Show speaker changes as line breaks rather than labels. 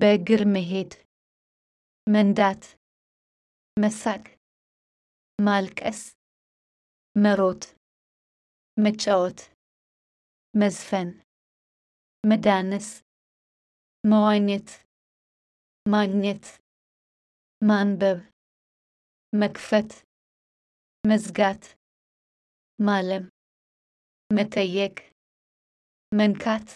በእግር መሄድ፣ መንዳት፣ መሳቅ፣ ማልቀስ፣ መሮት መጫወት፣ መዝፈን፣ መዳነስ፣ መዋኘት፣ ማግኘት፣ ማንበብ፣ መክፈት፣ መዝጋት፣ ማለም፣ መጠየቅ፣ መንካት